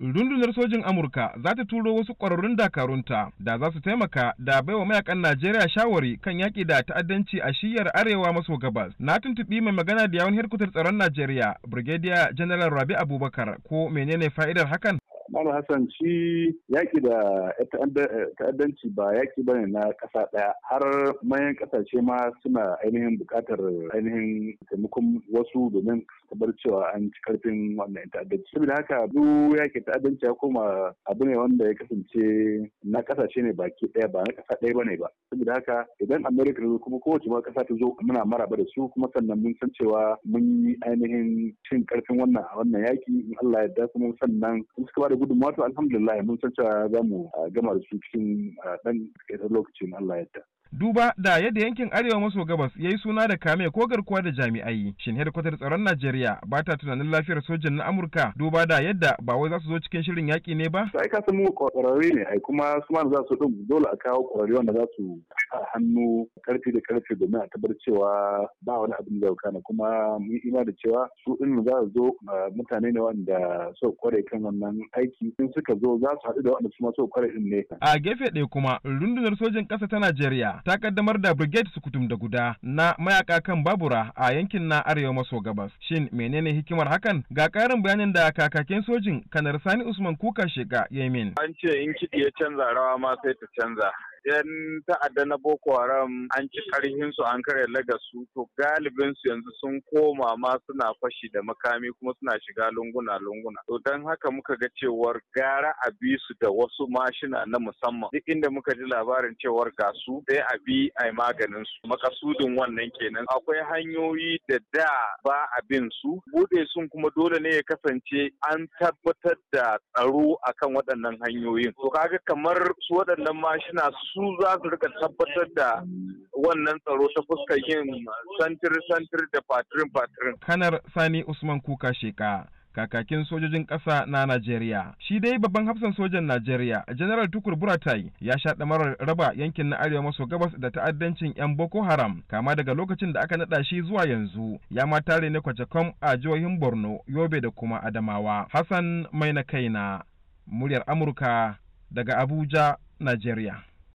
rundunar sojin amurka za ta turo wasu ƙwararrun dakarunta da za su taimaka da baiwa mayakan najeriya shawari kan yaƙi da ta'addanci a shiyar arewa maso gabas na tuntuɓi mai magana da yawon herkutar tsaron najeriya brigadier general rabi abubakar ko menene fa'idar hakan Malam Hassan shi yaƙi da ta'addanci ba yaƙi bane na ƙasa ɗaya har mayan ƙasashe ma suna ainihin buƙatar ainihin taimakon wasu domin tabbatar cewa an ci karfin wannan ta'addanci. Saboda haka duk yaƙi ta'addanci ya koma abu ne wanda ya kasance na ƙasashe ne baki ɗaya ba na ƙasa ɗaya bane ba. Saboda haka idan Amerika zo kuma kowace ma ƙasa ta zo muna maraba da su kuma sannan mun san cewa mun yi ainihin cin karfin wannan wannan yaƙi in Allah ya yarda kuma sannan suka ba da gudun to alhamdulillah mun san cewa za mu ah, gama da su cikin ah, ɗan lokacin Allah yadda. duba da yadda yankin arewa maso gabas ya yi suna da kame ko garkuwa da jami'ai shin hedkwatar tsaron najeriya ba ta tunanin lafiyar sojan na amurka duba da yadda ba wai za su zo cikin shirin yaƙi ne ba sai ka san mu ne ai kuma su ma za su ɗin dole a kawo ƙwararre wanda za su hannu karfi da karfe domin a tabbatar cewa ba wani abin da na kuma mun ima da cewa su din za su zo mutane ne wanda so kware kan wannan aiki in suka zo za su haɗu da wanda su so kware din ne a gefe ɗaya kuma rundunar sojin ƙasa ta Najeriya ta kaddamar da brigade sukutum da guda na mayaka kan babura a yankin na arewa maso gabas shin menene hikimar hakan ga ƙarin bayanin da kakakin sojin kanar Sani Usman Kuka Sheka min. an ce in kiɗi ya canza rawa ma sai ta canza yan ta'adda na Boko Haram an ci karhin su an kare lagasu to galibin su yanzu sun koma ma suna fashi da makami kuma suna shiga lunguna lunguna to dan haka muka ga cewar gara a bi su da wasu mashina na musamman duk inda muka ji labarin cewar ga su sai a bi a maganin su makasudin wannan kenan akwai hanyoyi da da ba a bin su bude sun kuma dole ne ya kasance an tabbatar da tsaro akan waɗannan hanyoyin to kaga kamar su waɗannan mashina su za su rika tabbatar da wannan tsaro ta fuskar yin santir-santir da fatirin-fatirin. Kanar Sani Usman Kuka Sheka. kakakin sojojin ƙasa na Najeriya. Shi dai babban hafsan sojan Najeriya, General Tukur Buratai, ya sha ɗamarar raba yankin na Arewa maso gabas da ta'addancin 'yan Boko Haram, kama daga lokacin da aka naɗa shi zuwa yanzu, ya ma tare ne kwacakom a jihohin Borno, Yobe da kuma Adamawa. Hassan Mai na kaina, muryar Amurka daga Abuja, Najeriya.